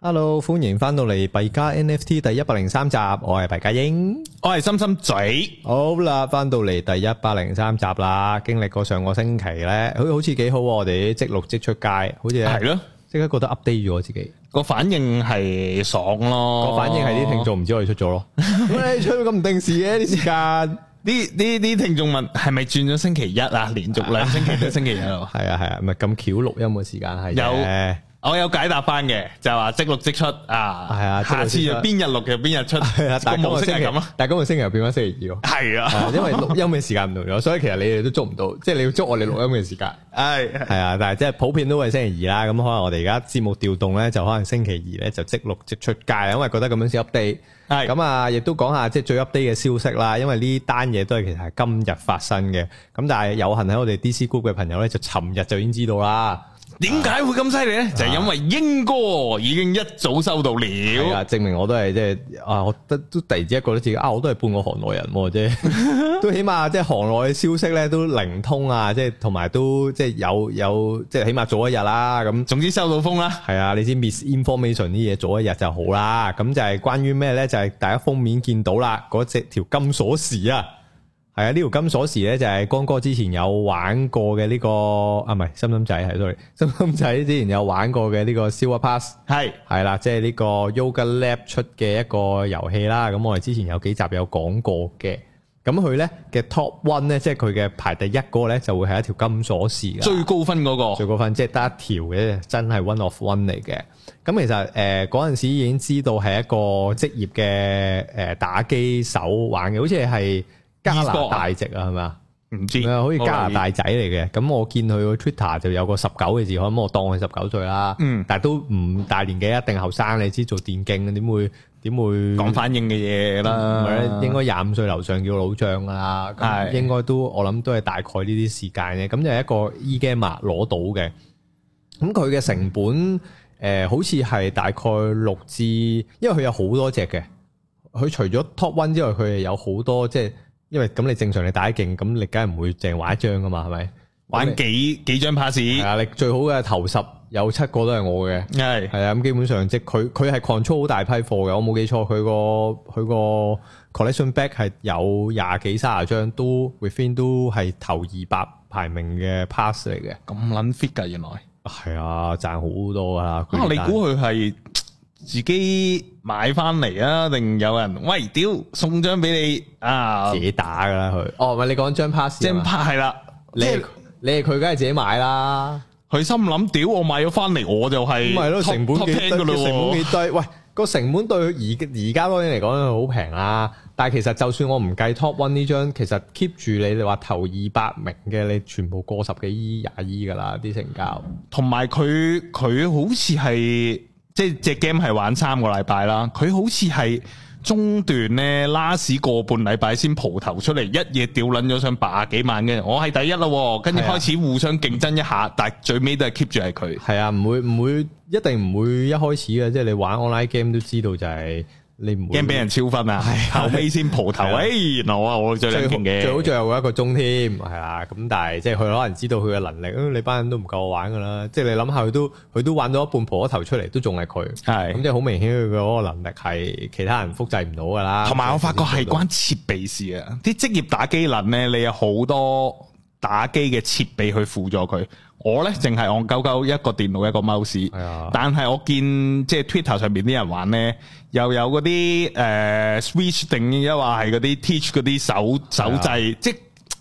hello，歡迎翻到嚟幣加 NFT 第一百零三集，我係幣加英，我係心心嘴，好啦，翻到嚟第一百零三集啦，經歷過上個星期咧，佢好似幾好，我哋即錄即出街，好似係咯，即、啊、刻覺得 update 咗自己，啊、反個反應係爽咯，個反應係啲聽眾唔知我哋出咗咯，咁你出咁唔定時嘅啲時間，啲啲啲聽眾問係咪轉咗星期一啊，連續兩星期都星期一。咯，係啊係啊，唔係咁巧錄音嘅時間係有。我有解答翻嘅，就話即錄即出啊，係啊的，下次就邊日錄就邊日出，個模式係咁咯。但今日星，星，星期又變翻星期二咯，係的啊，因為錄音嘅時間唔同咗， 所以其實你哋都捉唔到，即、就、係、是、你要捉我哋錄音嘅時間。係係啊，但係即係普遍都係星期二啦。咁可能我哋而家節目調動咧，就可能星期二咧就即錄即出街。因為覺得咁樣先 update。咁的啊，亦都講下即係最 update 嘅消息啦。因為呢單嘢都係其實係今日發生嘅。咁但係有幸喺我哋 DC Group 嘅朋友咧，就尋日就已經知道啦。點解會咁犀利咧？就係、因為英哥已經一早收到了、啊，證明我都係即係啊！我都都突然之間覺得自己啊，我都係半個行內人啫、啊就是， 都起碼即係行內消息咧都靈通啊！即係同埋都即係有有即係起碼早一日啦。咁、啊、總之收到風啦。係啊，你知 misinformation 啲嘢早一日就好啦。咁就係關於咩咧？就係大家封面見到啦，嗰隻條金鎖匙啊！係啊，呢條金鎖匙咧就係江哥之前有玩過嘅呢個啊，唔係心心仔，係 sorry，心心仔之前有玩過嘅呢個 Sewer Pass，係係啦，即係呢個 Yoga Lab 出嘅一個遊戲啦。咁我哋之前有幾集有講過嘅，咁佢咧嘅 Top One 咧，即係佢嘅排第一個咧，就會係一條金鎖匙。最高分嗰個，最高分即係得一條嘅，真係 One of One 嚟嘅。咁其實誒嗰陣時已經知道係一個職業嘅誒打機手玩嘅，好似係。加拿大籍啊，係咪啊？唔知啊，好似加拿大仔嚟嘅。咁以我見佢個 Twitter 就有個十九嘅字，可咁我當佢十九歲啦。嗯，但係都唔大年紀，一定後生。你知做電競點會點會講反應嘅嘢啦？應該廿五歲樓上叫老將啊，係對應該都我諗都係大概呢啲時間嘅。咁就一個 Egame 攞到嘅，咁佢嘅成本誒、呃，好似係大概六至，因為佢有好多隻嘅。佢除咗 Top One 之外，佢係有好多即係。就是因為咁你正常打勁你打得勁，咁你梗係唔會淨係玩一張噶嘛，係咪？玩，玩幾幾張 pass？啊，你最好嘅頭十有七個都係我嘅，係係的啊，咁基本上即佢佢係 control 好大批貨嘅，我冇記錯，佢、那個佢個 collection back 係有廿幾卅張都 within 都係頭二百排名嘅 pass 嚟嘅。咁撚 fit 噶原來？係啊，賺好多啊！哇，你估佢係？自己買翻嚟啊？定有人喂屌送張俾你啊？自己打噶啦佢。哦，唔係你講張 pass，張 pass 係啦。你你佢梗係自己買啦。佢心諗屌我買咗翻嚟，我就係唔係咯？成本幾堆？成本幾堆？喂，個成本對而而家嗰啲嚟講係好平啦。但係其實就算我唔計 top one 呢張，其實 keep 住你哋話頭二百名嘅，你全部過十幾億廿億噶啦啲成交。同埋佢佢好似係。即係隻 game 係玩三個禮拜啦，佢好似係中段咧，last 個半禮拜先蒲頭出嚟，一夜吊撚咗上百幾萬嘅，我係第一咯，喔，跟住開始互相競爭一下，但係最尾都係 keep 住係佢。係啊，唔、啊、會唔會一定唔會一開始嘅，即係你玩 online game 都知道就係、是。你唔驚俾人超分啊？係 後尾先蒲頭，誒 的，嗱我啊，我最靚最，好最好最後一個鐘添，係啊， 咁但係即係佢可能知道佢嘅能力， 你班人都唔夠我玩噶啦，即係你諗下佢都佢都玩到一半蒲咗頭出嚟，都仲係佢，係的，咁即係好明顯佢嗰個能力係其他人複製唔到噶啦。同埋我發覺係關設備事啊，啲職 業打機能咧，你有好多打機嘅設備去輔助佢。我咧，淨係戇鳩鳩一個電腦一個 mouse、啊、但係我見即係、就是、Twitter 上面啲人玩咧，又有嗰啲誒 Switch 定抑或係嗰啲 Teach 嗰啲手手掣，手啊、即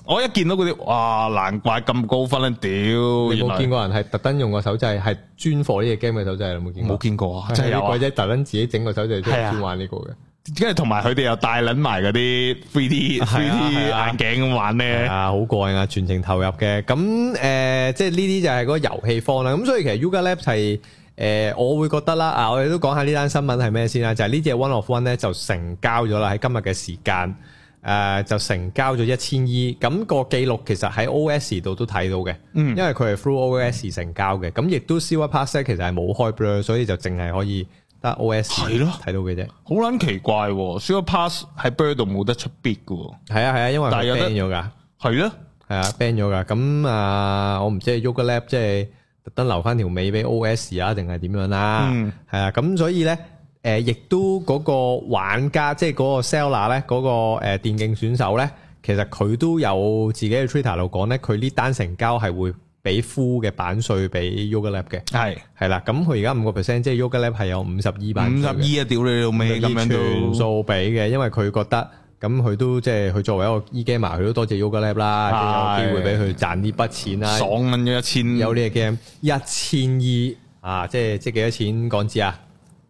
我一見到嗰啲，哇難怪咁高分啦，屌來！你冇見過人係特登用個手掣係專貨呢隻 game 嘅手掣，有冇見過？冇見過是啊！就係啲鬼仔特登自己整個手掣都專個，即係專玩呢個嘅。跟住同埋佢哋又戴攬埋嗰啲 3D、3D、啊、眼鏡咁玩咩？啊好過癮啊，全程投入嘅。咁誒、呃，即係呢啲就係嗰遊戲方啦。咁所以其實 Yuga Lab 係、呃、我會覺得啦。啊，我哋都講下呢單新聞係咩先啦。就係呢隻 One of One 咧就成交咗啦，喺今日嘅時間誒、呃、就成交咗一千 E。咁個記錄其實喺 OS 度都睇到嘅，嗯，因為佢係 Through OS 成交嘅。咁亦、嗯、也都 Sewer Pass 其實係冇開 Blur，所以就淨係可以。O.S. 係咯的，睇到嘅啫，好撚奇怪、哦，Sewer Pass 喺 bird 度冇得出 bid 嘅，係啊係啊，因為 ban 咗噶，係咯的，係啊 ban 咗噶，咁啊、呃，我唔知係 Yuga Lab 即係特登留翻條尾俾 O.S. 啊，定係點樣啦？係啊，咁、嗯、所以咧，誒、呃，亦都嗰個玩家，即係嗰個 seller 咧，嗰、那個誒電競選手咧，其實佢都有自己嘅 Twitter 度講咧，佢呢單成交係會。俾 Full 嘅版稅俾 YogaLab 嘅，係係啦，咁佢而家五個 percent，即係 YogaLab 係有五十 E 版，五十 E 啊，屌你老味，咁樣都全數俾嘅，因為佢覺得咁佢都即係佢作為一個 E-Gamer 啊，佢都多謝 YogaLab 啦，是有機會俾佢賺呢筆錢啦，爽蚊咗一千，有呢個 game 一千 E 啊，即係即係幾多錢港紙啊？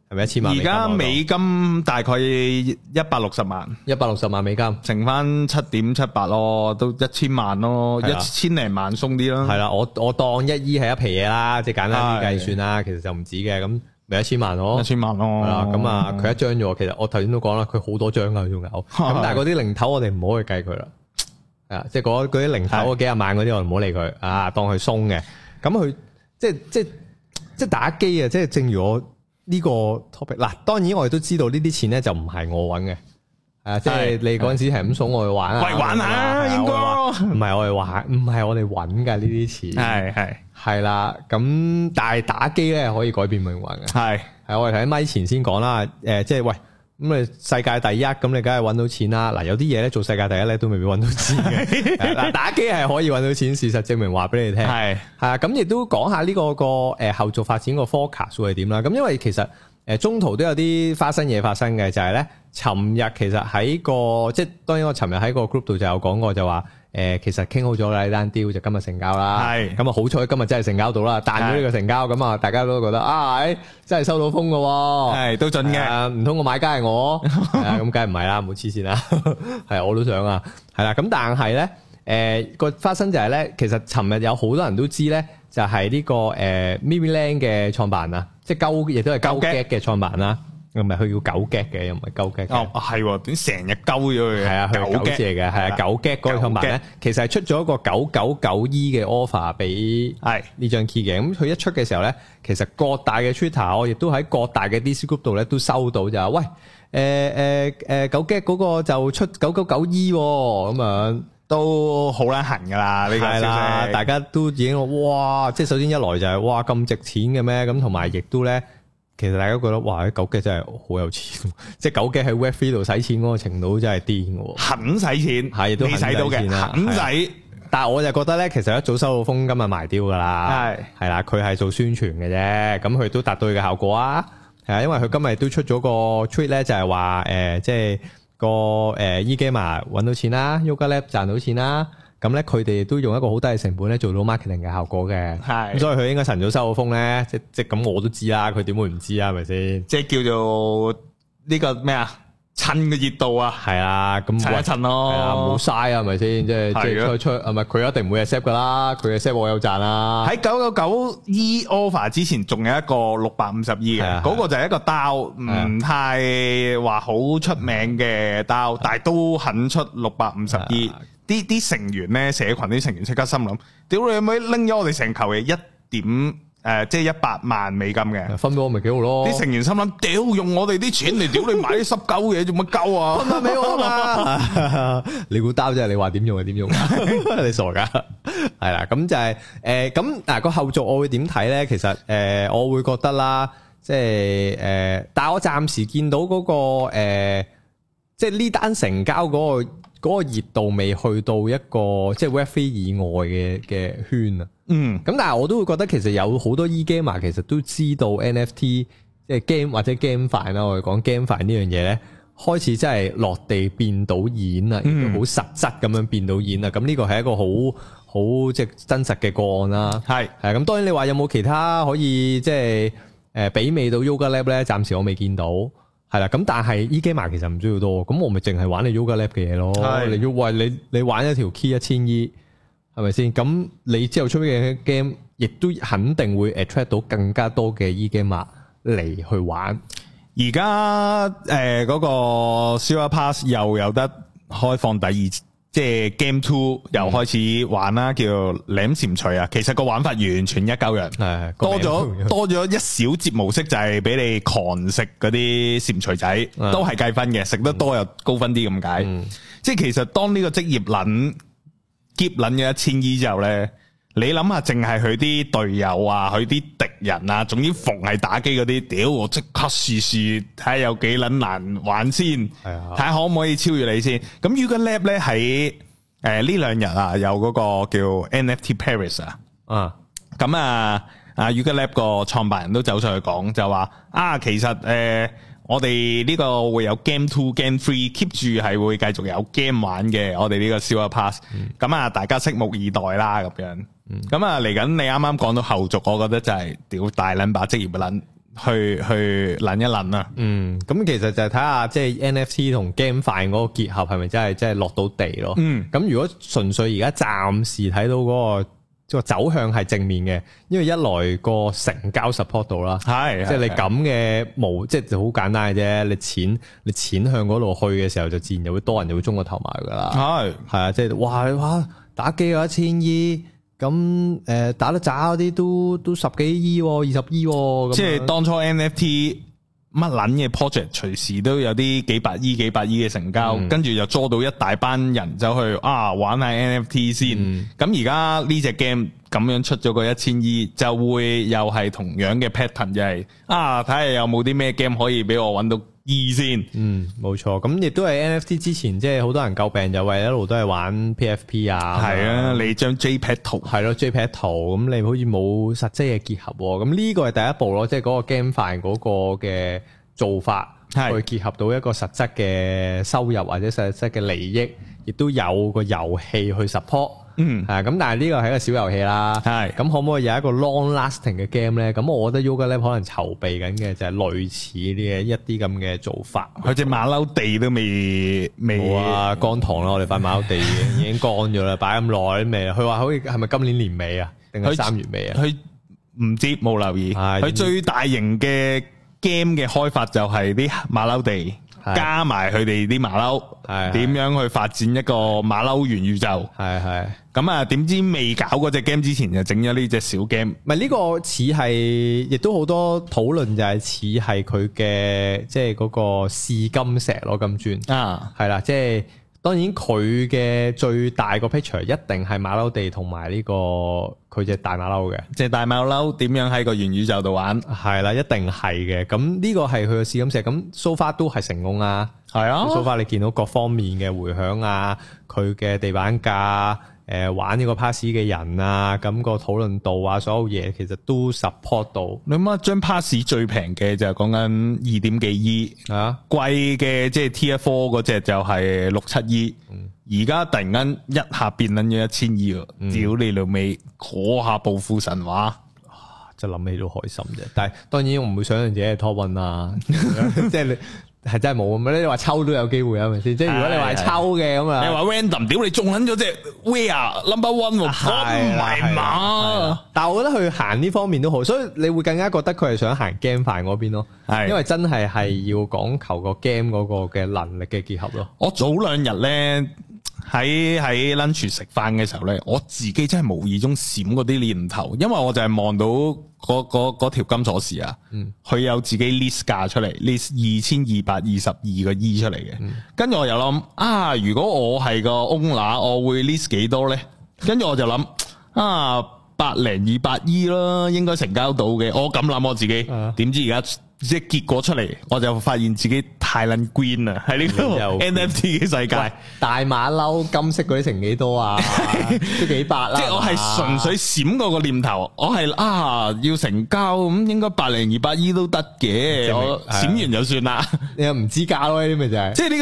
係咪一千萬？而家美金大概一百六十萬，一百六十萬美金剩翻七點七八咯，都的一千、啊、 Sí 萬咯， 嗯、一千零萬鬆啲咯。係啦，我我當一億係一皮嘢啦，即係簡單啲計算啦。其實就唔止嘅咁，咪一千萬咯，一千萬咯。係啦，咁啊，佢一張咗，其實我頭先都講啦，佢好多張噶，佢仲有。咁 但係嗰啲零頭我哋唔好去計佢啦。係 啊，即係嗰啲零頭嗰幾十萬嗰啲我唔好理佢啊，當係鬆嘅。咁佢即係即係即係打機啊，即係 正如我。呢個 topic 嗱，當然我哋都知道呢啲錢咧就唔係我揾嘅，係的啊，即係你嗰陣時係咁送我去玩啊，喂，玩下應該唔係我哋玩，唔係我哋揾嘅呢啲錢，係係係啦，咁的但係打機咧可以改變命運嘅，係係的我哋喺咪前先講啦，誒、呃、即係喂。咁啊，世界第一，咁你梗係揾到錢啦！嗱，有啲嘢咧做世界第一咧，都未必揾到錢嘅。嗱， 打機係可以揾到錢，事實證明話俾你聽。係係是啊，咁亦都講下呢個個誒後續發展個 focus 會係點啦。咁因為其實誒中途都有啲花生嘢發生嘅，就係、是、咧，尋日其實喺個即係，當然我尋日喺個 group 度就有講過就，就話。誒，其實傾好咗啦，單 deal 就今日成交啦。係是，咁啊好彩今日真係成交到啦，彈咗呢個成交，咁啊是大家都覺得啊、哎，真係收到風噶，係都準嘅。唔通個買家係我？咁梗係唔係啦，唔好黐線啦。係 我都想啊，係啦。咁但係咧，誒、呃、個發生就係咧，其實尋日有好多人都知咧、這個，就、呃、係呢個誒 Mimiland 嘅創辦啊，即係舊亦都係舊嘅創辦啦。佢唔係佢叫 9GAG 嘅，又唔係 9GAG。哦，係喎，點成日勾咗佢嘅？係啊，佢 9GAG 嘅，係啊，9GAG 嗰個同埋咧，其實係出咗一個九九九 E 嘅 offer 俾係呢張 key 嘅。咁佢一出嘅時候咧，其實各大嘅 Twitter，我亦都喺各大嘅 Discord 度咧都收到就係，喂，誒誒誒，9GAG 嗰個就出九九九 E 喎，咁啊都好撚痕㗎啦。係啦，大家都已經哇，即係首先一來就係哇咁值錢嘅咩？咁同埋亦都咧。其實大家覺得哇，啲狗機真係好有錢，即係狗機喺 Web3 度使錢嗰個程度真係癲嘅，肯使錢係都未使到嘅，肯使。的但係我就覺得咧，其實一早收到風，今日埋雕噶啦，係係啦，佢係做宣傳嘅啫，咁佢都達到佢嘅效果啊。係啊，因為佢今日都出咗個 tweet 咧、呃，就係話誒，即、呃、係個誒 Egame 搵到錢啦 Yuga Labs 賺到錢啦。咁咧，佢哋都用一個好低嘅成本咧，做到 marketing 嘅效果嘅。係，咁所以佢應該晨早收到風咧，即即咁我都知啦。佢點會唔知啊？係咪先？即叫做呢個咩啊？趁個熱度啊，係啊，咁趁一趁咯，冇嘥啊，係咪先？即即出出，係咪佢一定唔會 accept 噶啦？佢 accept 我有賺啦。喺九九九 e offer 之前，仲有一個六百五十二嘅，嗰個就係一個 DAO，唔太話好出名嘅 DAO，但係都肯出六百五十二。啲啲成員咧，社羣啲成員即刻心諗，屌你有冇拎咗我哋成嚿嘢一點誒，即係一百萬美金嘅分到我咪幾好咯？啲成員心諗，屌用我哋啲錢嚟屌你買啲濕鳩嘢做乜鳩啊？分下俾我啊嘛！你估擔啫？你話點用就點用，你傻噶？係啦，咁就係誒咁嗱個後續，我會點睇咧？其實誒，我會覺得啦，即係誒，但係我暫時見到嗰個誒，即係呢單成交嗰個。嗰個熱度未去到一個即係 web3 以外嘅嘅圈啊，嗯，咁但係我都會覺得其實有好多 egame r 其實都知道 NFT 即係 game 或者 game 范啦，我哋講 game f 范呢樣嘢咧，開始真係落地變到演啊，好實質咁樣變到演啊，咁呢、嗯、個係一個好好即係真實嘅個案啦，係係咁。當然你話有冇其他可以即係誒比美到 Yogalab 咧？暫時我未見到。係啦，咁但係 EGame 其實唔需要多，咁我咪淨係玩你 Yuga Lab 嘅嘢咯。的你要喂你你玩一條 Key 一千 E 係咪先？咁你之後出嘅 game 亦都肯定會 attract 到更加多嘅 EGame 嚟去玩。而家誒個 Sewer Pass 又有得開放第二次。即係 Game Two 又開始玩啦，叫舐蟾蜍啊！嗯、其實個玩法完全一鳩人，係、哎、呀多咗了多咗一小節模式，就係、是、俾你狂食嗰啲蟾蜍仔，都係計分嘅，食、嗯、得多又高分啲咁解。嗯、即係其實當呢個職業撚劫撚咗一千 E 之後咧。你諗下，淨係佢啲隊友啊，佢啲敵人啊，總之逢係打機嗰啲，屌我即刻試試睇下有幾撚難玩先，睇下可唔可以超越你先。咁 Yuga Lab 咧，喺誒呢、呃、兩日啊，有嗰個叫 NFT Paris 啊，嗯、啊，咁啊啊 Yuga Lab 個創辦人都走上去講就話啊，其實誒、呃、我哋呢個會有 game two game three keep 住係會繼續有 game 玩嘅，我哋呢個 Sewer Pass，咁啊大家拭目以待啦，咁樣。咁啊，嚟緊、嗯、你啱啱講到後續，我覺得就係屌大 number 職業 n 去去 n 一 n 啊。嗯，咁其實就睇下即係 NFT 同 GameFi 嗰個結合係咪真係真係落到地咯。嗯，咁如果純粹而家暫時睇到嗰、那個即係、那個、走向係正面嘅，因為一來個成交 support 度啦，係即係你咁嘅無即係好簡單嘅啫，你錢你錢向嗰度去嘅時候，就自然就會多人就會中個頭埋噶啦。係係啊，即係、就是、哇哇打機啊，一千二。.咁誒、呃，打得渣嗰啲都都十幾億、哦，二十億、哦。即係當初 NFT 乜撚嘢 project，隨時都有啲幾百億、幾百億嘅成交，跟住就捉到一大班人走去啊玩下 NFT 先。咁而家呢隻 game。咁樣出咗個一千二，就會又係同樣嘅 pattern，就係、是、啊，睇下有冇啲咩 game 可以俾我揾到二先。嗯，冇錯。咁亦都係 NFT 之前，即係好多人救病，就係一路都係玩 PFP 啊。係啊，啊你張 J p e t 圖。係咯、啊、J p e t 圖。咁你好似冇實質嘅結合。咁呢個係第一步咯，即係嗰個 game 範嗰個嘅做法，是去結合到一個實質嘅收入或者實質嘅利益，亦都有個遊戲去 support。嗯，啊，咁但係呢個係一個小遊戲啦，係是，咁可唔可以有一個 long lasting 嘅 game 咧？咁我覺得 Yuga Lab 可能籌備緊嘅就係類似啲嘅一啲咁嘅做法。佢隻馬騮地都未未啊，乾塘咯，我哋塊馬騮地 已經乾咗啦，擺咁耐都未。佢話好似係咪今年年尾啊，定係三月尾啊？佢唔知冇留意。佢、啊、最大型嘅 game 嘅開發就係啲馬騮地。加埋佢哋啲馬騮，點樣去發展一個馬騮元宇宙？係係咁啊？點知未搞嗰隻 game 之前就，就整咗呢隻小 game？唔係呢個似係，亦都好多討論就係似係佢嘅，即係嗰個試金石咯，金鑽啊，係啦，即係。當然佢嘅最大個 picture 一定係馬騮地同埋呢個佢隻大馬騮嘅，隻大馬騮點樣喺個元宇宙度玩？係 啦， 一定係嘅。咁呢個係佢嘅試金石。咁 so far 都係成功啊，係啊，so far 你見到各方面嘅回響啊，佢嘅地板價。誒，玩呢個 pass 嘅人啊，咁個討論度啊，所有嘢其實都 support 到。你諗下，張 pass 最平嘅就係講緊二點幾 E，啊，貴嘅即係 T F four 嗰隻就係六七 E。而家突然間一下變撚咗一千 E，屌你老味，嗰下暴富神話，啊、真諗起都開心啫。但係當然我唔會想象自己係 top one 啊，即係你。係真係冇咁咧，你話抽都有機會係咪先？即係的如果你話抽嘅咁啊，的你話 random，屌你中緊咗隻 We are Number One，唔係嘛。但係我覺得佢行呢方面都好，所以你會更加覺得佢係想行 GameFi 嗰邊咯。係因為真係係要講求個 game 嗰個嘅能力嘅結合咯。的我早兩日咧。喺喺 lunch 食飯嘅時候呢，我自己真係無意中閃嗰啲念頭，因為我就係望到嗰嗰條金鎖匙啊，佢、嗯、有自己 list 價出嚟，list 二千二百二十二個 E 出嚟嘅，跟住、嗯、我又諗啊，如果我係個 owner，我會 list 幾多呢？」跟住我就諗啊，百零二百億、e、啦，應該成交到嘅，我咁諗我自己，點知而家？即係結果出嚟，我就發現自己太撚 green 啦！喺呢個 NFT 嘅世界，大馬騮金色嗰啲成幾多啊？ 都幾百啦！即係我係純粹閃過個念頭，我係啊要成交，咁、嗯、應該百零二百 E 都得嘅，我閃完就算啦。的 你又唔知價咯？呢啲咪就係即係呢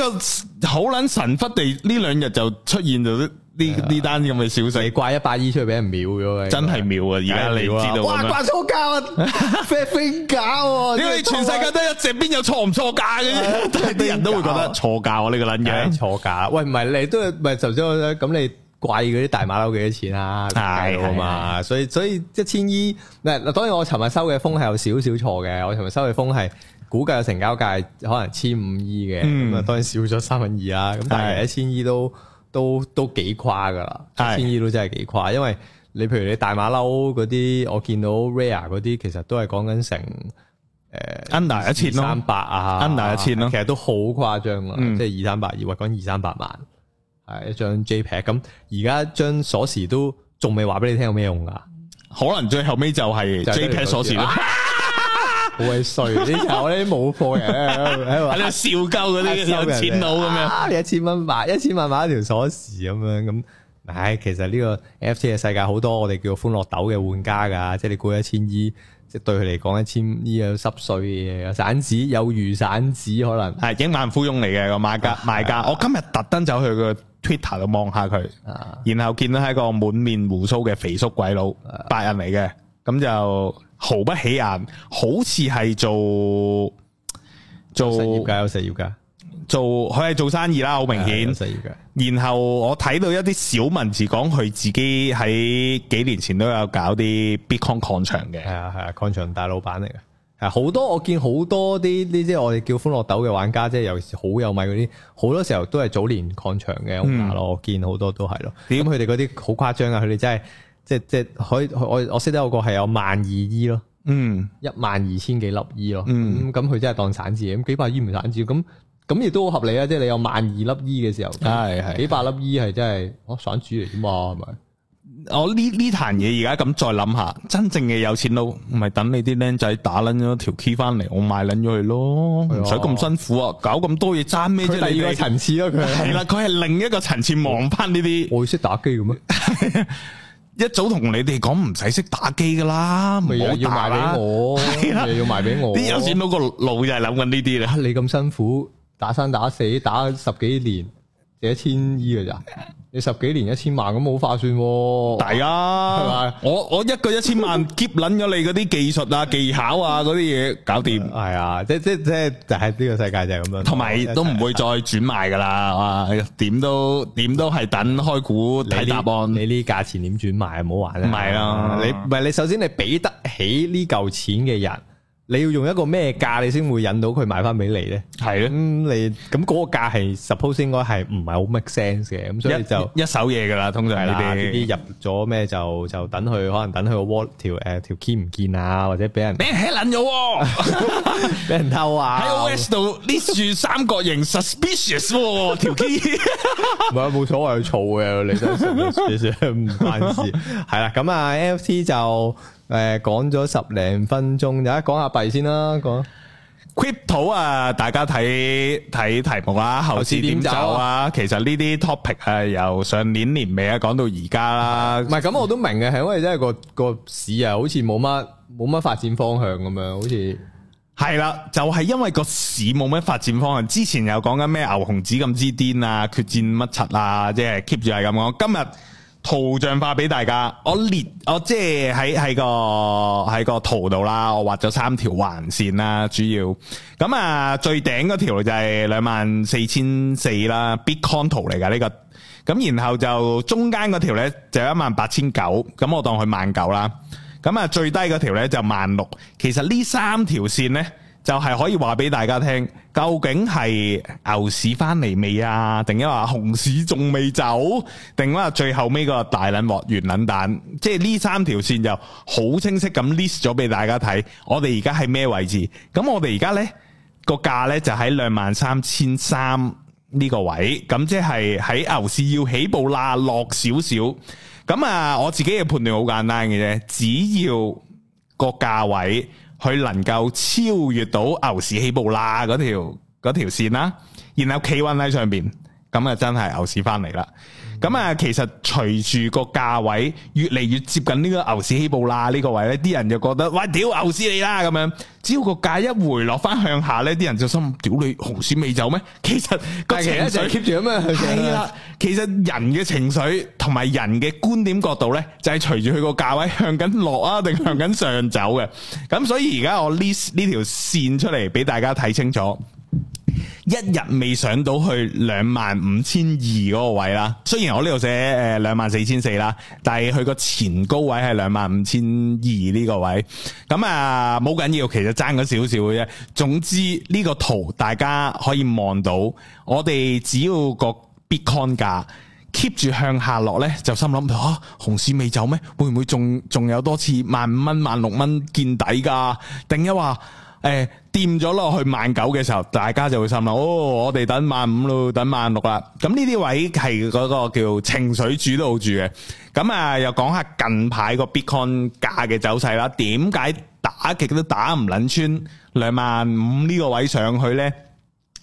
個好撚神忽地呢兩日就出現咗。呢呢單咁嘅小消你掛一百 E 出去俾人秒咗，真係秒啊！而家你知道哇，掛錯價，飛飛價，因為全世界都一直邊有錯唔錯價嘅啫？但係啲人都會覺得錯價，我呢個捻嘢錯價。喂，唔係你都唔係，頭先咁你掛嗰啲大馬騮幾多錢啊？大佬啊嘛，所以所以即千 E 嗱，當然我尋日收嘅風係有少少錯嘅，我尋日收嘅風係估計有成交價可能千五 E 嘅，咁啊當然少咗三分二啊。咁但係一千 E 都。都都幾誇㗎啦！千依是都真係幾誇，因為你譬如你大馬騮嗰啲，我見到 rare 嗰啲，其實都係講緊成誒 under 一千三百啊 under 一千咯，under 1000 其實都好誇張啊！嗯、即係二三百，或講二三百萬，係一張 JPEG。咁而家張鎖匙都仲未話俾你聽有咩用㗎？可能最後尾就係 JPEG 鎖匙咯。 好鬼衰！啲有我啲冇貨人喺度喺度笑鳩嗰啲有錢佬咁樣，啊啊、你一千蚊買一千萬買一條鎖匙咁樣咁。嗱、哎，其實呢個 NFT 嘅世界好多我哋叫歡樂豆嘅玩家㗎，即係你估一千 E，即係對佢嚟講一千 E 有濕碎嘅嘢，有散紙，有魚散紙可能係億萬富翁嚟嘅個買家買家。啊啊、我今日特登走去個 Twitter 度望下佢，然後見到係一個滿面胡鬚嘅肥叔鬼佬白人嚟嘅。啊啊啊咁就毫不起眼，好似係做做實業噶，有實業噶，做佢係做生意啦，好明顯。然後我睇到一啲小文字講佢自己喺幾年前都有搞啲 Bitcoin 礦場嘅。係啊係啊，礦場大老闆嚟嘅。係好多我見好多啲呢啲我哋叫歡樂豆嘅玩家，即係有時好有米嗰啲，好多時候都係早年礦場嘅烏咯。嗯、我見好多都係咯。點佢哋嗰啲好誇張啊！佢哋真係。 即係即係，我我我識得有、e，嗯、12，個係、e，嗯嗯 e、有萬二 E 咯，嗯，一萬二千幾粒 E 咯，咁咁佢真係當散紙，咁幾百 E 唔、e 哦、散紙，咁咁亦都好合理啊！即係你有萬二粒 E 嘅時候，係係幾百粒 E 係真係我散紙嚟啫嘛，係咪？我呢呢壇嘢而家咁再諗下，真正嘅有錢佬唔係等你啲僆仔打捻咗條 key 翻嚟，我賣捻咗佢咯，唔使咁辛苦啊，搞咁多嘢爭咩啫？係是 另一個層次咯，係啦，佢係另一個層次，望翻呢啲，我會識打機咁咩？一早同你哋講唔使識打機噶啦，咪唔好打啦，係啦，要賣俾我。啲有錢佬個腦就係諗緊呢啲啦，你咁辛苦打生打死，打十幾年，借一千 E 噶咋？你十幾年一千萬咁好化算喎。係啊，係咪？我我一個一千萬 keep 捻咗你嗰啲技術啊技巧啊嗰啲嘢搞掂，係啊，即即即就係呢個世界就係咁樣，同埋都唔會再轉賣噶啦，啊，點都點都係等開股睇答案，你呢價錢點轉賣唔好話啫，唔係啦，你唔係你首先你俾得起呢嚿錢嘅人。你要用一個咩價，你先會引到佢買翻俾你咧？係咧，你咁嗰個價係 suppose 應該係唔係好 make sense 嘅，咁所以就一手嘢噶啦，通常呢啲呢啲入咗咩就就等佢，可能等佢個窩條誒條 key 唔見啊，或者俾人俾人咗，俾人偷啊，喺 OS 度呢住三角形 suspicious 條 key，唔係冇所謂嘈嘅，你都唔關事，係啦，咁啊 NFT 就。誒，講咗、嗯、十零分鐘，而家講下幣先啦。講 crypto 啊，Crypt o, 大家睇睇題目啊，後市點走啊？其實呢啲 topic 係由上年年尾啊，講到而家啦。唔係咁，我都明嘅，係因為真係、那個、那個市啊，好似冇乜冇乜發展方向咁樣，好似係啦，就係、是、因為個市冇乜發展方向。之前又講緊咩牛熊紫禁之巔啊，決戰乜柒啊，即係 keep 住係咁講。今日。圖像化俾大家，我列我即係喺喺個喺個圖度啦，我畫咗三條橫線啦，主要咁啊，最頂嗰條就係兩萬四千四啦，Bitcoin 圖嚟噶呢個，咁然後就中間嗰條呢，就一萬八千九，咁我當佢萬九啦，咁啊最低嗰條呢，就萬六，其實呢三條線呢。就係可以話俾大家聽，究竟係牛市翻嚟未啊？定係話熊市仲未走？定係話最後尾個大撚鑊、圓撚蛋？即係呢三條線就好清晰咁 list 咗俾大家睇。我哋而家係咩位置？咁我哋而家呢個價呢，價就喺兩萬三千三呢個位。咁即係喺牛市要起步啦，落少少。咁啊，我自己嘅判斷好簡單嘅啫，只要個價位。佢能夠超越到牛市起步啦嗰條嗰條線啦、啊，然後企穩喺上邊，咁啊真係牛市翻嚟啦！咁啊，其實隨住個價位越嚟越接近呢個牛市起步啦，呢、這個位咧，啲人就覺得哇，屌牛市嚟啦咁樣。只要個價一回落翻向下咧，啲人就心諗，屌你，熊市未走咩？其實個情緒 keep 住咁樣係啊。的 其實人嘅情緒同埋人嘅觀點角度咧，就係隨住佢個價位向緊落啊，定向緊上走嘅。咁、嗯、所以而家我呢呢條線出嚟俾大家睇清楚。一日未上到去兩萬五千二嗰個位啦，雖然我呢度寫誒兩萬四千四啦，但係佢個前高位係兩萬五千二呢個位，咁啊冇緊要，其實爭咗少少嘅啫。總之呢個圖大家可以望到，我哋只要個 Bitcoin 價 keep 住向下落呢，就心諗啊，熊市未走咩？會唔會仲仲有，有多次萬五蚊、萬六蚊見底噶？定係話。誒，跌咗落去萬九嘅時候，大家就會心諗，哦，我哋等萬五咯，等萬六啦。咁呢啲位係嗰個叫情緒主導住嘅。咁啊，又講下近排個 Bitcoin 價嘅走勢啦。點解打極都打唔捻穿兩萬五呢個位上去呢？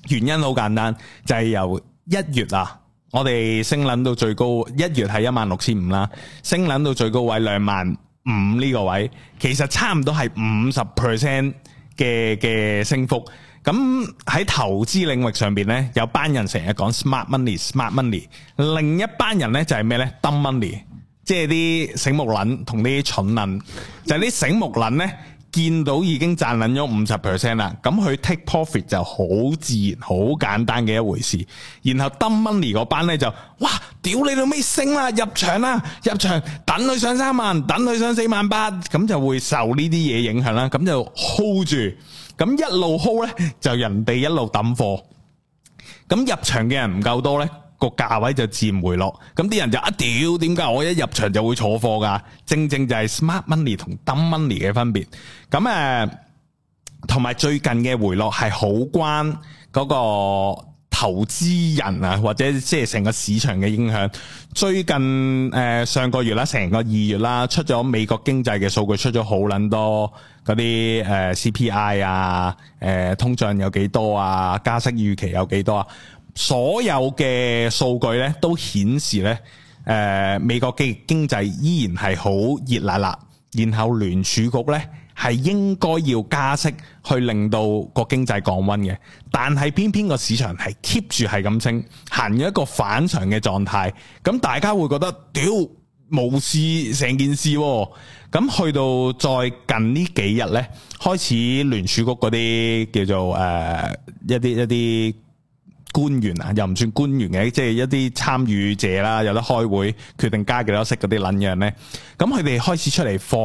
原因好簡單，就係由一月啊，我哋升捻到最高，一月係一萬六千五啦，升捻到最高位兩萬五呢個位，其實差唔多係五十 percent。嘅嘅升幅，咁喺投資領域上邊咧，有班人成日講 smart money，smart money，另一班人咧就係咩咧，dumb money，即係啲醒目撚同啲蠢撚，就係啲醒目撚咧。見到已經賺攬咗五十 percent 啦，咁佢 take profit 就好自然、好簡單嘅一回事。然後 dumb money 班呢，就，哇！屌你到咩升啦，入場啦，入場等佢上三萬，等佢上四萬八，咁就會受呢啲嘢影響啦。咁就 hold 住，咁一路 hold 呢，就人哋一路抌貨。咁入場嘅人唔夠多呢。個價位就自然回落，咁啲人就一、啊、屌，點解我一入場就會坐貨噶？正正就係 smart money 同 dumb money 嘅分別。咁誒，同、呃、埋最近嘅回落係好關嗰個投資人啊，或者即係成個市場嘅影響。最近誒、呃、上個月啦，成個二月啦，出咗美國經濟嘅數據，出咗好捻多嗰啲誒、呃、CPI 啊，誒、呃、通脹有幾多啊，加息預期有幾多啊？所有嘅數據咧都顯示咧，誒、呃，美國嘅經濟依然係好熱辣辣，然後聯儲局咧係應該要加息去令到個經濟降溫嘅，但係偏偏個市場係 keep 住係咁升，行咗一個反常嘅狀態，咁大家會覺得屌、呃、無視成件事、哦，咁去到再近幾呢幾日咧，開始聯儲局嗰啲叫做誒、呃、一啲一啲官員啊，又唔算官員嘅，即係一啲參與者啦，有得開會決定加幾多息嗰啲撚樣咧。咁佢哋開始出嚟放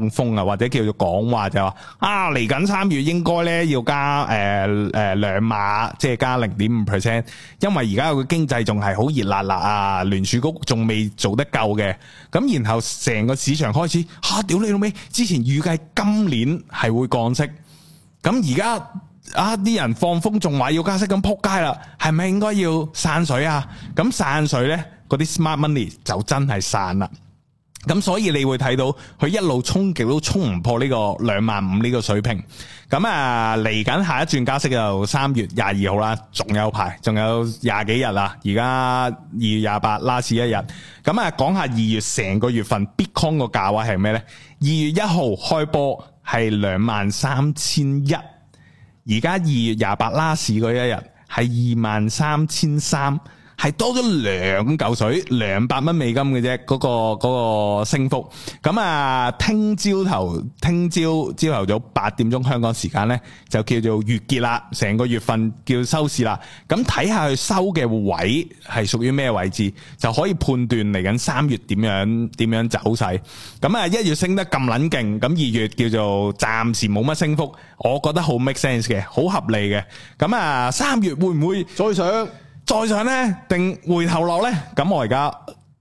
放風啊，或者叫做講話就話、是、啊，嚟緊三月應該咧要加誒誒、呃呃、兩碼，即係加零點五 percent，因為而家個經濟仲係好熱辣辣啊，聯儲局仲未做得夠嘅。咁然後成個市場開始嚇、啊，屌你老味！之前預計今年係會降息，咁而家。啊！啲人放風仲話要加息咁撲街啦，係咪應該要散水啊？咁散水呢，嗰啲 smart money 就真係散啦。咁所以你會睇到佢一路衝擊都衝唔破呢個兩萬五呢個水平。咁啊，嚟緊下，下一轉加息就三月廿二號啦，仲有排，仲有廿幾日啦。而家二月廿八 last 一日，咁啊，講下二月成個月份 Bitcoin 個價位係咩呢？二月一號開波係兩萬三千一。而家二月廿八拉市嗰一日，係二萬三千三。係多咗兩嚿水，兩百蚊美金嘅啫，嗰個嗰個升幅。咁啊，聽朝頭，聽朝朝頭早八點鐘香港時間呢，就叫做月結啦，成個月份叫收市啦。咁睇下佢收嘅位係屬於咩位置，就可以判斷嚟緊三月點樣點樣走勢。咁啊，一月升得咁撚勁，咁二月叫做暫時冇乜升幅，我覺得好 make sense 嘅，好合理嘅。咁啊，三月會唔會再上？再上咧定回頭落咧，咁我而家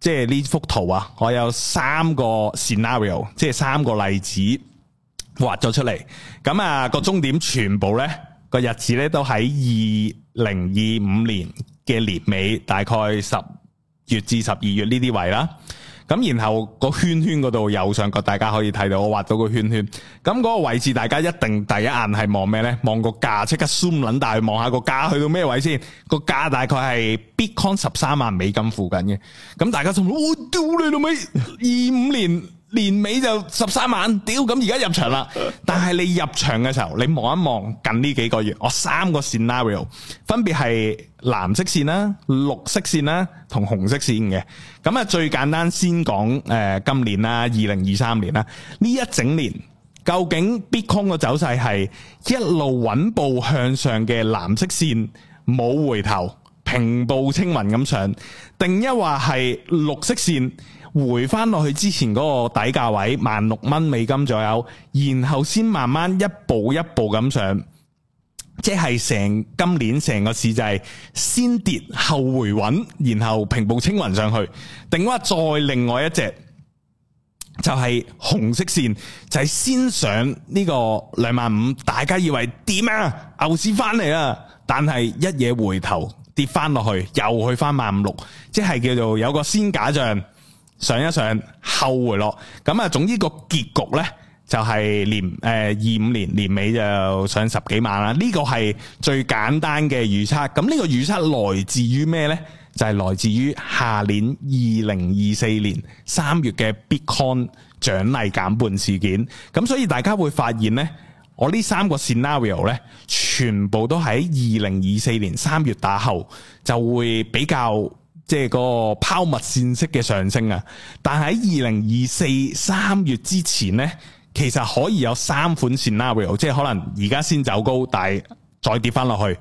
即係呢幅圖啊，我有三個 scenario，即係三個例子畫咗出嚟。咁啊個終點全部咧，個日子咧，都喺二零二五年嘅年尾，大概十月至十二月呢啲位啦。咁然後個圈圈嗰度右上角，大家可以睇到我畫到個圈圈。咁嗰個位置，大家一定第一眼係望咩呢？望個價即刻 zoom 撚大，望下個價去到咩位先？個價大概係 Bitcoin 十三萬美金附近嘅。咁大家就我屌你老味，二五年。年尾就十三萬，屌咁而家入場啦。但係你入場嘅時候，你望一望近呢幾個月，我、哦、三個 scenario 分別係藍色線啦、啊、綠色線啦、啊、同紅色線嘅。咁啊最簡單先講誒、呃，今年啦、啊，二零二三年啦、啊，呢一整年究竟 Bitcoin 嘅走勢係一路穩步向上嘅藍色線冇回頭平步青雲咁上，定一話係綠色線？回翻落去之前嗰個底價位萬六蚊美金左右，然後先慢慢一步一步咁上，即係成今年成個市就係先跌後回穩，然後平步青雲上去。定話再另外一隻就係紅色線，就係先上呢個兩萬五，大家以為點啊？牛市翻嚟啦，但係一嘢回頭跌翻落去，又去翻萬五六，即係叫做有個先假象。上一上後回落，咁啊，總之個結局呢，就係、是、年誒二五年年尾就上十幾萬啦。呢個係最簡單嘅預測。咁呢個預測來自於咩呢？就係、是、來自於下年二零二四年三月嘅 Bitcoin 獎勵減半事件。咁所以大家會發現呢，我呢三個 scenario 呢，全部都喺二零二四年三月打後就會比較。即係個拋物線式嘅上升啊！但喺二零二四三月之前呢，其實可以有三款 scenario，即係可能而家先走高，但係再跌翻落去，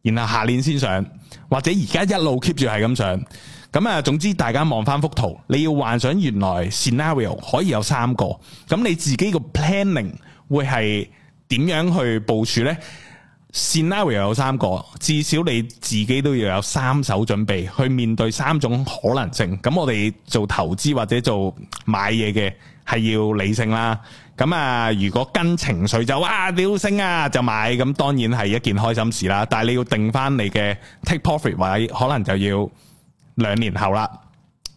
然後下年先上，或者而家一路 keep 住係咁上。咁啊，總之大家望翻幅圖，你要幻想原來 scenario 可以有三個，咁你自己個 planning 會係點樣去部署呢？線拉尾有三個，至少你自己都要有三手準備去面對三種可能性。咁我哋做投資或者做買嘢嘅係要理性啦。咁啊，如果跟情緒就哇屌升啊就買，咁當然係一件開心事啦。但係你要定翻你嘅 take profit 位，可能就要兩年後啦。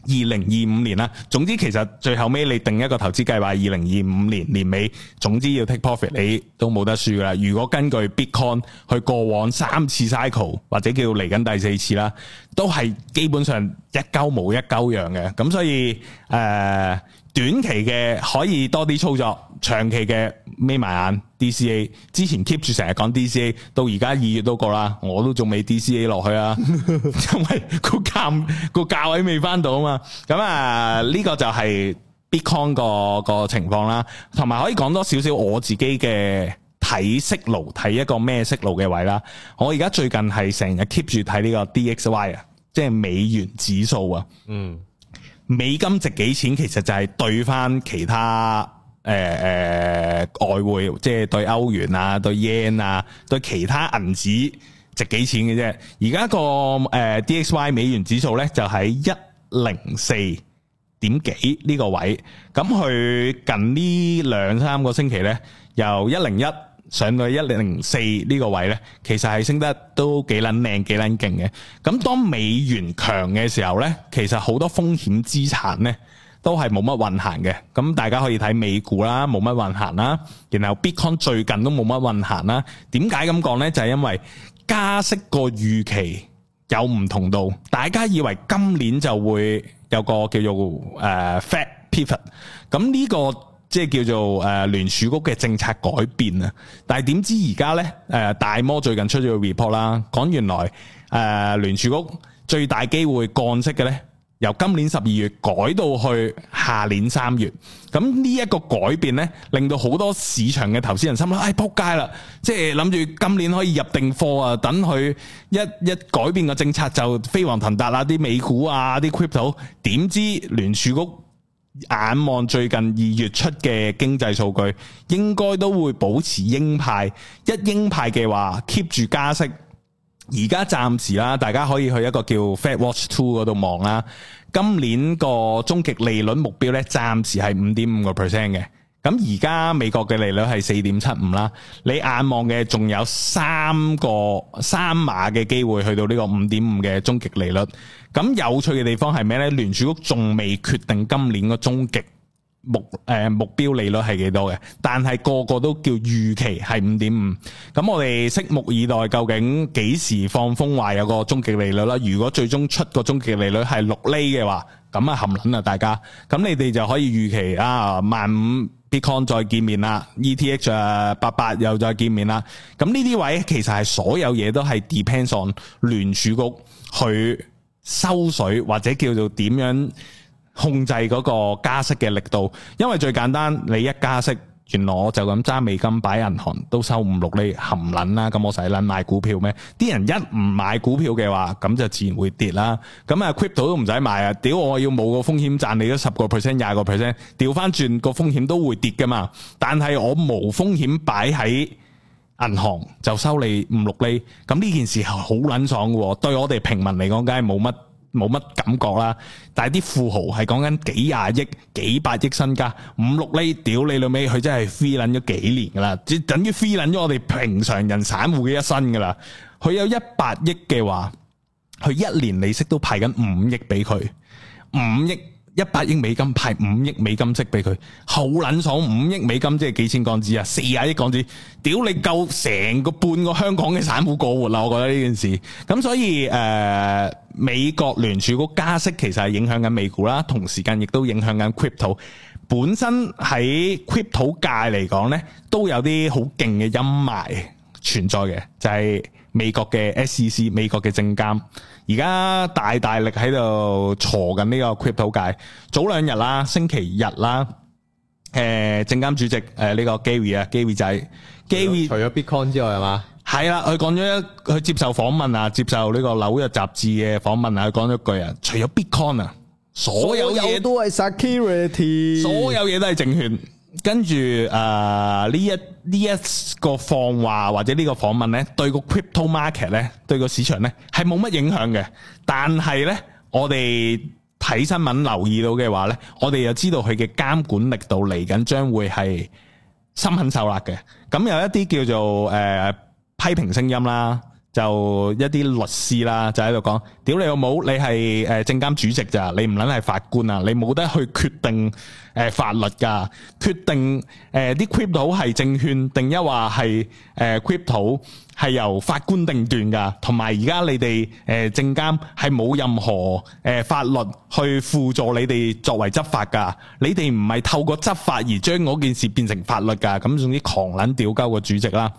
二零二五年啦，總之其實最後尾你定一個投資計劃，二零二五年年尾，總之要 take profit，你都冇得輸噶啦。如果根據 Bitcoin 去過往三次 cycle 或者叫嚟緊第四次啦，都係基本上一鳩冇一鳩樣嘅，咁所以誒。呃短期嘅可以多啲操作，長期嘅眯埋眼 DCA。DC A, 之前 keep 住成日講 DCA，到而家二月都過啦，我都仲未 DCA 落去啊，因為個價個價位未翻到啊嘛。咁啊，呢、這個就係 Bitcoin 個、那個情況啦，同埋可以講多少少我自己嘅睇息路，睇一個咩息路嘅位啦。我而家最近係成日 keep 住睇呢個 DXY 啊，即係美元指數啊，嗯。美金值幾錢其實就係兌翻其他誒誒外匯，即係兌歐元啊、兌 yen 啊、兌其他銀紙值幾錢嘅啫。而家個誒 DXY 美元指數咧就喺一零四點幾呢個位，咁佢近呢兩三個星期咧由一零一。上到一零零四呢個位呢，其實係升得都幾撚靚幾撚勁嘅。咁當美元強嘅時候呢，其實好多風險資產呢都係冇乜運行嘅。咁大家可以睇美股啦，冇乜運行啦。然後 Bitcoin 最近都冇乜運行啦。點解咁講呢？就係因為加息個預期有唔同度。大家以為今年就會有個叫做誒 Fat Pivot。咁呢個即係叫做誒、呃、聯儲局嘅政策改變啊！但係點知而家呢，誒、呃、大摩最近出咗個 report 啦，講原來誒、呃、聯儲局最大機會降息嘅呢，由今年十二月改到去下年三月。咁呢一個改變呢，令到好多市場嘅投資人心諗，唉、哎，撲街啦！即係諗住今年可以入定貨啊，等佢一一改變個政策就飛黃騰達啦、啊！啲美股啊，啲 crypto 點知聯儲局，眼望最近二月出嘅經濟數據，應該都會保持鷹派。一鷹派嘅話，keep 住加息。而家暫時啦，大家可以去一個叫 Fed Watch Two 度望啦。今年個終極利率目標咧，暫時係五點五個 percent 嘅。咁而家美國嘅利率係四點七五啦，你眼望嘅仲有三個三碼嘅機會去到呢個五點五嘅終極利率。咁有趣嘅地方係咩呢？聯儲局仲未決定今年個終極目誒目標利率係幾多嘅，但係個個都叫預期係五點五。咁我哋拭目以待，究竟幾時放風話有個終極利率啦？如果最終出個終極利率係六厘嘅話。咁啊含撚啊大家，咁你哋就可以預期啊萬五 Bitcoin 再見面啦，ETH 啊八八又再見面啦。咁呢啲位其實係所有嘢都係 depends on 聯儲局去收水或者叫做點樣控制嗰個加息嘅力度，因為最簡單你一加息。原來我就咁揸美金擺銀行都收五六厘含捻啦，咁我使捻買股票咩？啲人一唔買股票嘅話，咁就自然會跌啦。咁啊，crypto 都唔使買啊，屌！我要冇個風險賺你嗰十個 percent、廿個 percent，調翻轉個風險都會跌噶嘛。但係我冇風險擺喺銀行就收你五六厘，咁呢件事係好捻爽嘅，對我哋平民嚟講，梗係冇乜。.冇乜感覺啦，但係啲富豪係講緊幾廿億、幾百億身家，五六厘屌你老味。佢真係 free 咗幾年噶啦，即係等於 free 咗我哋平常人散戶嘅一生噶啦。佢有一百億嘅話，佢一年利息都派緊五億俾佢，五億。一百億美金派五億美金息俾佢，好捻爽！五億美金即係幾千港紙啊，四十億港紙，屌你夠成個半個香港嘅散戶過活啦！我覺得呢件事，咁所以誒，美國聯儲局加息其實係影響緊美股啦，同時間亦都影響緊 crypto。本身喺 crypto 界嚟講呢，都有啲好勁嘅陰霾存在嘅，就係美國嘅 SEC，美國嘅證監。而家大大力喺度坐緊呢個 crypto 界，早兩日啦，星期日啦，誒、呃，證監主席誒呢、呃這個 Gary 啊，Gary 仔，Gary 除咗 Bitcoin 之外係嘛，係啦，佢講咗一佢接受訪問啊，接受呢個紐約雜誌嘅訪問啊，佢講咗句啊，除咗 Bitcoin 啊，所有嘢都係 security，所有嘢都係證券。跟住誒呢一呢一個放話、這個、或者呢個訪問呢對個 crypto market 呢對個市場呢係冇乜影響嘅。但係呢，我哋睇新聞留意到嘅話呢，我哋又知道佢嘅監管力度嚟緊將會係心狠手辣嘅。咁有一啲叫做誒、呃、批評聲音啦。就一啲律師啦，就喺度講：屌你老母，你係誒、呃、證監主席咋？你唔撚係法官啊？你冇得去決定誒、呃、法律㗎，決定誒啲 crypto 係證券定一話係誒 crypto 係由法官定斷㗎。同埋而家你哋誒、呃、證監係冇任何誒、呃、法律去輔助你哋作為執法㗎。你哋唔係透過執法而將嗰件事變成法律㗎。咁總之狂撚屌鳩個主席啦！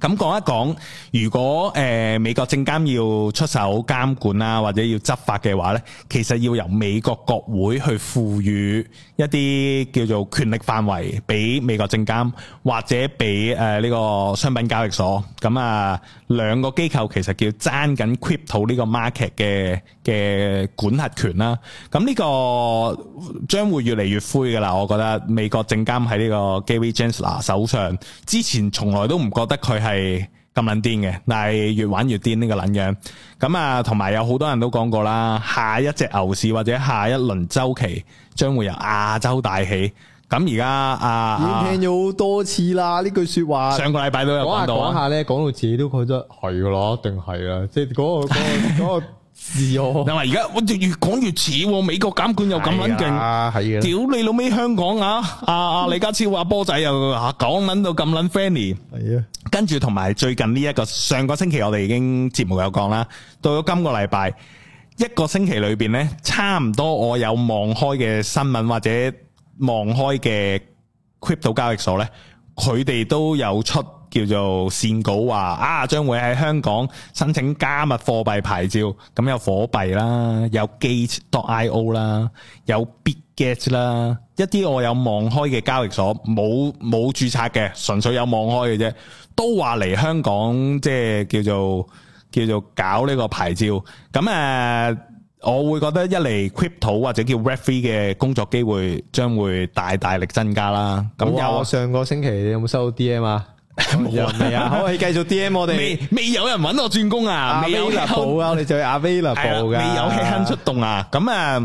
咁講一講，如果誒、呃、美國證監要出手監管啊或者要執法嘅話咧，其實要由美國國會去賦予一啲叫做權力範圍俾美國證監或者俾誒呢個商品交易所。咁啊，兩個機構其實叫爭緊 crypto 呢個 market 嘅嘅管轄權啦、啊。咁呢個將會越嚟越灰噶啦。我覺得美國證監喺呢個 Gary Gensler 手上，之前從來都唔覺得佢係。係咁撚癲嘅，但係越玩越癲呢個撚樣。咁啊，同埋有好多人都講過啦，下一隻牛市或者下一輪周期將會由亞洲大起。咁而家啊，啊已經聽咗好多次啦，呢句說話。上個禮拜都有講下咧，講到自己都覺得係噶啦，一定係啦，即係嗰個嗰嗰個。那個那個 是哦，因為而家我越講越似，美國監管又咁捻勁，屌你老味香港啊，阿阿李家超話波仔又吓講捻到咁捻 fanny，係啊，跟住同埋最近呢一個上個星期我哋已經節目有講啦，到咗今個禮拜一個星期裏邊咧，差唔多我有望開嘅新聞或者望開嘅 crypto 交易所咧，佢哋都有出。叫做線稿話啊，將會喺香港申請加密貨幣牌照，咁有火幣啦，有 Gate.io 啦，有 Bitget 啦，一啲我有網開嘅交易所冇冇註冊嘅，純粹有網開嘅啫，都話嚟香港即係叫做叫做搞呢個牌照。咁誒，我會覺得一嚟 crypto 或者叫 referee 嘅工作機會將會大大力增加啦。咁有我上個星期有冇收到 DM 啊？冇人未啊，可以繼續 D M 我哋。未未有人揾我轉工啊，阿威勒布啊，我哋就係阿威勒布嘅。未有人出動啊，咁啊，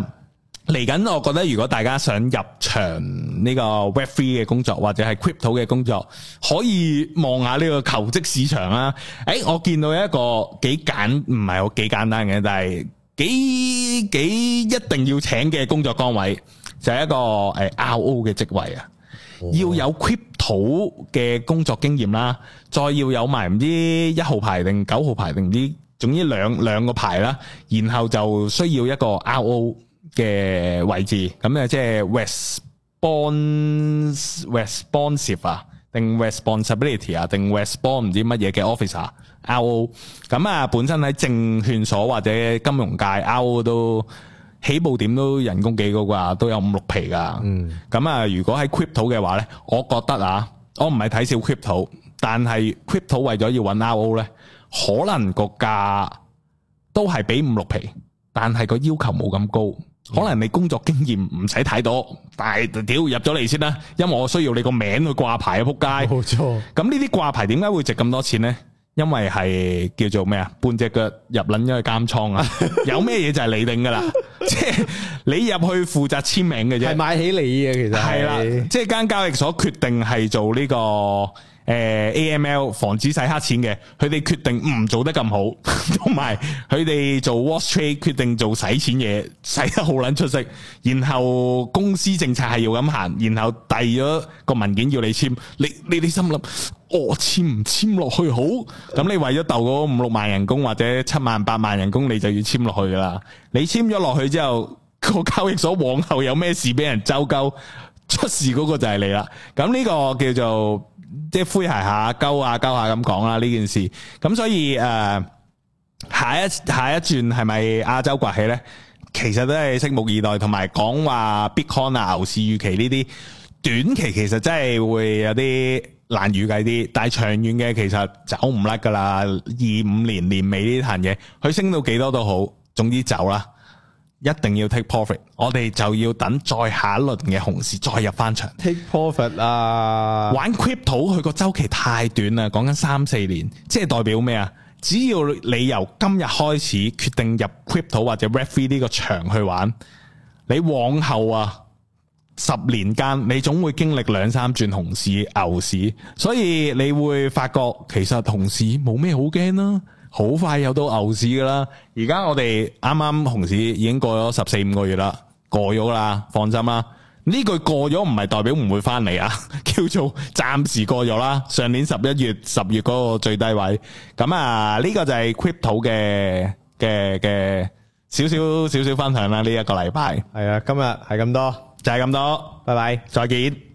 嚟緊我覺得如果大家想入場呢個 Web Three 嘅工作或者係 Crypto 嘅工作，可以望下呢個求職市場啦。誒，我見到一個幾簡唔係好幾簡單嘅，但係幾幾一定要請嘅工作崗位，就係一個誒 R O 嘅職位啊。要有 crypto 嘅工作經驗啦，再要有埋唔知一號牌定九號牌，定唔知總之兩兩個牌啦，然後就需要一個 RO 嘅位置，咁咧，即係 respons，responsive 啊定 responsibility 啊定 respons 唔知乜嘢嘅 officer，RO，咁啊本身喺證券所或者金融界 RO 都。起步點都人工幾高啩，都有五六皮噶。咁啊，如果喺 crypto 嘅話咧，我覺得啊，我唔係睇少 crypto，但係 crypto 為咗要揾 RO 咧，可能個價都係畀五六皮，但係個要求冇咁高。可能你工作經驗唔使睇到，但係屌入咗嚟先啦，因為我需要你個名去掛牌啊，仆街。冇錯。咁呢啲掛牌點解會值咁多錢咧？因為係叫做咩啊？半隻腳入撚咗個監倉啊！ 有咩嘢就係你定噶啦， 即係你入去負責簽名嘅啫。係買起你嘅，其實係啦。即係間交易所決定係做呢、這個誒、呃、A M L 防止洗黑錢嘅，佢哋決定唔、嗯、做得咁好，同埋佢哋做 Wash Trade 決定做洗錢嘢，洗得好撚出色。然後公司政策係要咁行，然後遞咗個文件要你簽，你你你,你,你心諗。我簽唔簽落去好？咁你為咗斗嗰五六萬人工或者七萬八萬人工，你就要簽落去噶啦。你簽咗落去之後，個交易所往後有咩事俾人周鳩出事嗰個就係你啦。咁呢個叫做即係灰鞋下鳩下鳩下咁講啦。呢、啊啊啊、件事咁所以誒、呃，下一下一轉係咪亞洲崛起呢？其實都係拭目以待，同埋講話 Bitcoin 啊牛市預期呢啲短期其實真係會有啲。難預計啲，但係長遠嘅其實走唔甩噶啦，二五年年尾呢壇嘢，佢升到幾多都好，總之走啦，一定要 take profit。我哋就要等再下一輪嘅熊市再入翻場。take profit 啊！玩 crypto 佢個周期太短啦，講緊三四年，即係代表咩啊？只要你由今日開始決定入 crypto 或者 refi 呢個場去玩，你往後啊～十年間，你總會經歷兩三轉熊市、牛市，所以你會發覺其實熊市冇咩好驚啦，好快又到牛市噶啦。而家我哋啱啱熊市已經過咗十四五個月啦，過咗啦，放心啦。呢句過咗唔係代表唔會翻嚟啊，叫做暫時過咗啦。上年十一月、十月嗰個最低位，咁啊呢個就係 crypto 嘅嘅嘅少少少少分享啦。呢一個禮拜係啊，今日係咁多。就係咁多，拜拜，再見。